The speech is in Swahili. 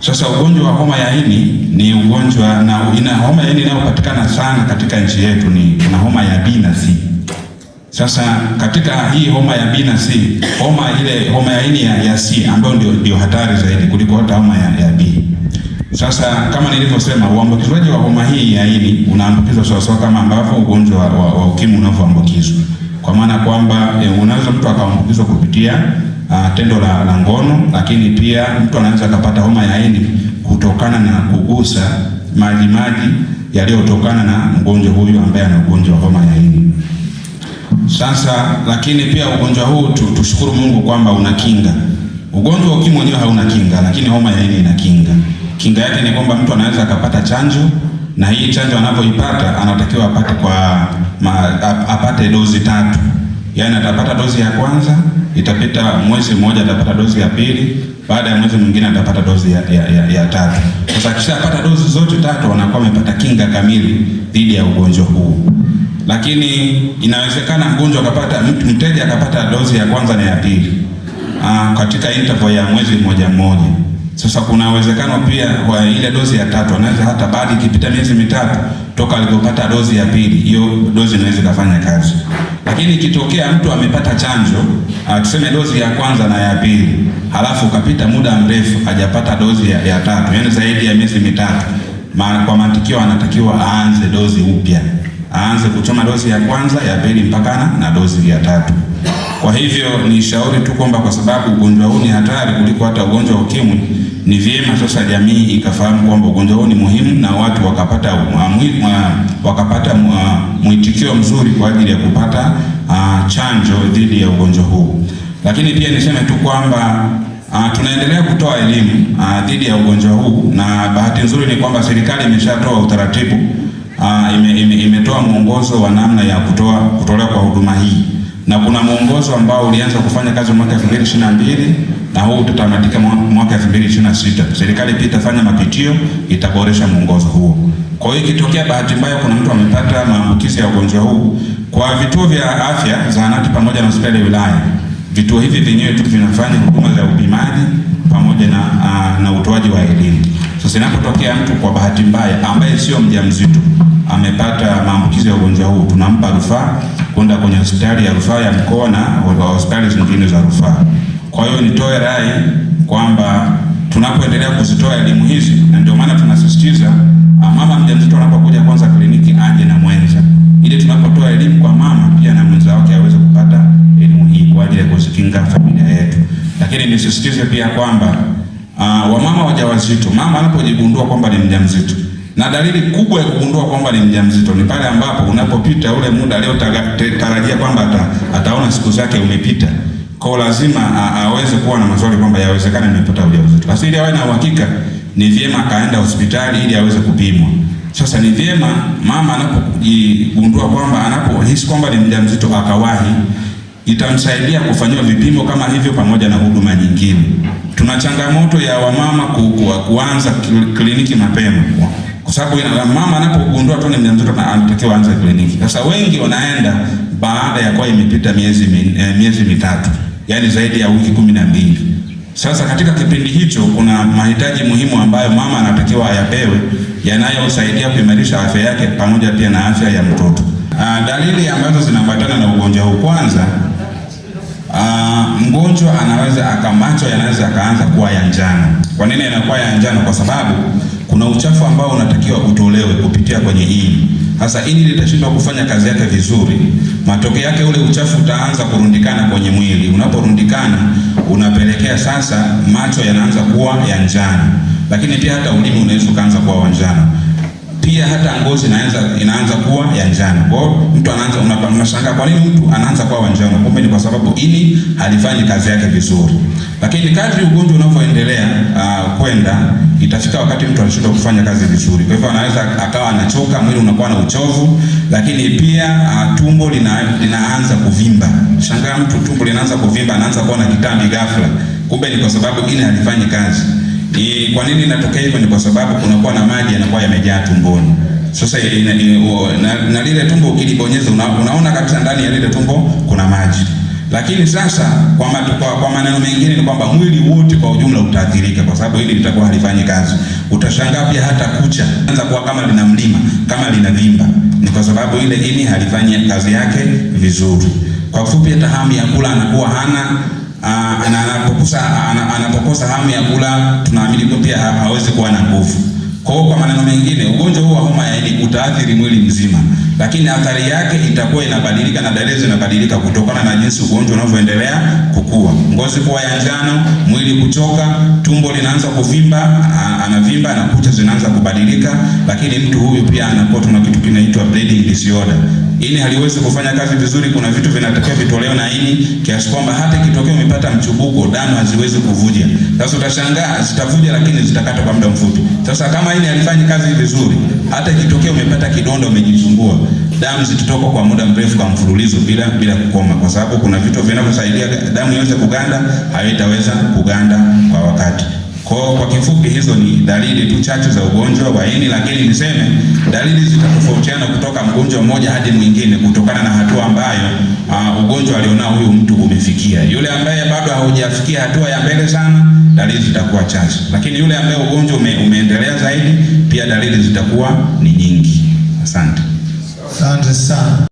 Sasa ugonjwa wa homa ya ini ni ugonjwa na ina homa ya ini inayopatikana sana katika nchi yetu ni kuna homa ya B na C. Sasa katika hii homa ya B na C, homa ile homa ya ini ya, ya C ambayo ndio, ndio hatari zaidi kuliko hata homa ya, ya B. Sasa kama nilivyosema, uambukizwaji wa homa hii ya ini unaambukizwa sawasawa kama ambavyo ugonjwa wa, wa, wa ukimwi unavyoambukizwa, kwa maana kwamba eh, unaweza mtu akaambukizwa kupitia uh, tendo la, la ngono, lakini pia mtu anaweza akapata homa ya ini kutokana na kugusa maji maji yaliyotokana na mgonjwa huyu ambaye ana ugonjwa wa homa ya ini. Sasa lakini pia ugonjwa huu tu, tushukuru Mungu kwamba una kinga. Ugonjwa ukimwi wenyewe hauna kinga, lakini homa ya ini ina kinga. Kinga yake ni kwamba mtu anaweza akapata chanjo, na hii chanjo anapoipata anatakiwa apate kwa ma, apate dozi tatu, yaani atapata dozi ya kwanza itapita mwezi mmoja atapata dozi ya pili, baada ya mwezi mwingine atapata dozi ya, ya, ya, ya tatu. Sasa akishapata dozi zote tatu anakuwa amepata kinga kamili dhidi ya ugonjwa huu. Lakini inawezekana mgonjwa akapata, mteja akapata dozi ya kwanza na ya pili aa, ah, katika interval ya mwezi mmoja mmoja. Sasa kuna uwezekano pia kwa ile dozi ya tatu anaweza hata baada ikipita miezi mitatu toka alipopata dozi ya pili, hiyo dozi inaweza kufanya kazi. Lakini ikitokea mtu amepata chanjo, ah, tuseme dozi ya kwanza na ya pili, halafu ukapita muda mrefu hajapata dozi ya, ya tatu, yaani zaidi ya miezi mitatu, maana kwa mantikio anatakiwa aanze dozi upya, aanze kuchoma dozi ya kwanza, ya pili mpakana na dozi ya tatu. Kwa hivyo ni shauri tu kwamba kwa sababu ugonjwa huu ni hatari kuliko hata ugonjwa wa ukimwi ni vyema sasa jamii ikafahamu kwamba ugonjwa huu ni muhimu na watu wakapata wakapata mwitikio mzuri kwa ajili ya kupata uh, chanjo dhidi ya ugonjwa huu. Lakini pia niseme tu kwamba uh, tunaendelea kutoa elimu uh, dhidi ya ugonjwa huu, na bahati nzuri ni kwamba serikali imeshatoa utaratibu uh, ime, ime, imetoa mwongozo wa namna ya kutoa kutolewa kwa huduma hii na kuna mwongozo ambao ulianza kufanya kazi mwaka 2022 na huu tutamatika mwaka 2026. Serikali pia itafanya mapitio, itaboresha mwongozo huo. Kwa hiyo ikitokea bahati mbaya kuna mtu amepata maambukizi ya ugonjwa huu, kwa vituo vya afya, zahanati pamoja na hospitali ya wilaya, vituo hivi vyenyewe tu vinafanya huduma za upimaji pamoja na, ah, na utoaji wa elimu. Sasa inapotokea mtu kwa bahati mbaya ambaye sio mjamzito amepata maambukizi ya ugonjwa huu, tunampa rufaa kwenda kwenye hospitali ya rufaa ya mkoa na hospitali zingine za rufaa. Kwa hiyo nitoe rai kwamba tunapoendelea kuzitoa elimu hizi, na ndio maana tunasisitiza ah, mama mjamzito anapokuja kwanza kliniki aje na mwenza, ili tunapotoa elimu kwa mama pia na mwenza wake aweze kupata elimu hii kwa ajili ya kuzikinga familia yetu. Lakini nisisitize pia kwamba uh, wamama wajawazito, mama anapojigundua kwamba ni mjamzito na dalili kubwa ya kugundua kwamba ni mjamzito ni pale ambapo unapopita ule muda aliyotarajia kwamba ata, ataona siku zake umepita. Kwa lazima aweze kuwa na maswali kwamba yawezekana nimepata ujauzito. Basi ili awe na uhakika, ni vyema akaenda hospitali ili aweze kupimwa. Sasa ni vyema mama anapogundua kwamba anapohisi kwamba ni mjamzito akawahi, itamsaidia kufanyiwa vipimo kama hivyo pamoja na huduma nyingine. Tuna changamoto ya wamama kuanza kliniki mapema kwa sababu mama anapogundua tu ni mjamzito na anatakiwa aanze kliniki. Sasa wengi wanaenda baada ya kuwa imepita miezi eh, miezi mitatu, yani zaidi ya wiki kumi na mbili. Sasa katika kipindi hicho kuna mahitaji muhimu ambayo mama anatakiwa ayapewe yanayosaidia kuimarisha afya yake pamoja pia na afya ya mtoto. Aa, ah, dalili ambazo zinaambatana na ugonjwa huu kwanza, ah, mgonjwa anaweza akamacho yanaweza akaanza kuwa ya njano. Kwa nini yanakuwa ya njano? Kwa sababu kuna uchafu ambao unatakiwa utolewe kupitia kwenye ini. Hasa ini litashindwa kufanya kazi yake vizuri, matokeo yake ule uchafu utaanza kurundikana kwenye mwili. Unaporundikana unapelekea sasa macho yanaanza kuwa ya njano, lakini pia hata ulimi unaweza ukaanza kuwa wa njano pia hata ngozi inaanza inaanza kuwa ya njano. Kwa hiyo mtu anaanza unashangaa kwa nini mtu anaanza kuwa njano? Kumbe ni kwa sababu ini halifanyi kazi yake vizuri. Lakini kadri ugonjwa unavyoendelea uh, kwenda itafika wakati mtu anashindwa kufanya kazi vizuri. Kwa hivyo anaweza akawa anachoka, mwili unakuwa na uchovu, lakini pia uh, tumbo lina, linaanza kuvimba. Shangaa mtu tumbo linaanza kuvimba, anaanza kuwa na kitambi ghafla. Kumbe ni kwa sababu ini halifanyi kazi. Ni kwa nini inatokea hivyo? Ni kwa sababu kunakuwa na maji yanakuwa yamejaa tumboni. Sasa ina, na, na lile tumbo ukilibonyeza una, unaona kabisa ndani ya lile tumbo kuna maji. Lakini sasa kwa matu, kwa maneno mengine ni kwamba mwili wote kwa ujumla utaathirika, kwa sababu hili litakuwa halifanyi kazi. Utashangaa pia hata kucha anza kuwa kama lina mlima kama lina vimba, ni kwa sababu ile ini halifanyi kazi yake vizuri. Kwa ufupi, hata hamu ya kula anakuwa hana Ah, anapokosa hamu ya kula, tunaamini pia hawezi kuwa na nguvu. Kwa hiyo kwa maneno mengine, ugonjwa huu wa homa ya ini utaathiri mwili mzima, lakini athari yake itakuwa inabadilika na dalili zinabadilika kutokana na jinsi ugonjwa unavyoendelea kukua. Ngozi kuwa ya njano, mwili kuchoka, tumbo linaanza kuvimba, anavimba na kucha zinaanza kubadilika, lakini mtu huyu pia anakuwa tuna kitu kinaitwa bleeding disorder. Ini haliwezi kufanya kazi vizuri, kuna vitu vinatokea vitolewa na ini kiasi kwamba hata kitokeo umepata mchubuko, damu haziwezi kuvuja. Sasa utashangaa zitavuja, lakini zitakata kwa muda mfupi. Sasa kama ile alifanyi kazi vizuri, hata ikitokea umepata kidonda, umejisumbua, damu zitotoka kwa muda mrefu kwa mfululizo bila bila kukoma, kwa sababu kuna vitu vinavyosaidia damu iweze kuganda, haitaweza kuganda kwa wakati. Kwa kwa kifupi, hizo ni dalili tu chache za ugonjwa wa ini, lakini niseme dalili zitatofautiana kutoka mgonjwa mmoja hadi mwingine kutokana na hatua ambayo uh, ugonjwa alionao huyu mtu umefikia. Yule ambaye bado haujafikia hatua ya mbele sana dalili zitakuwa chache, lakini yule ambaye ugonjwa ume, umeendelea zaidi, pia dalili zitakuwa ni nyingi. Asante, asante sana.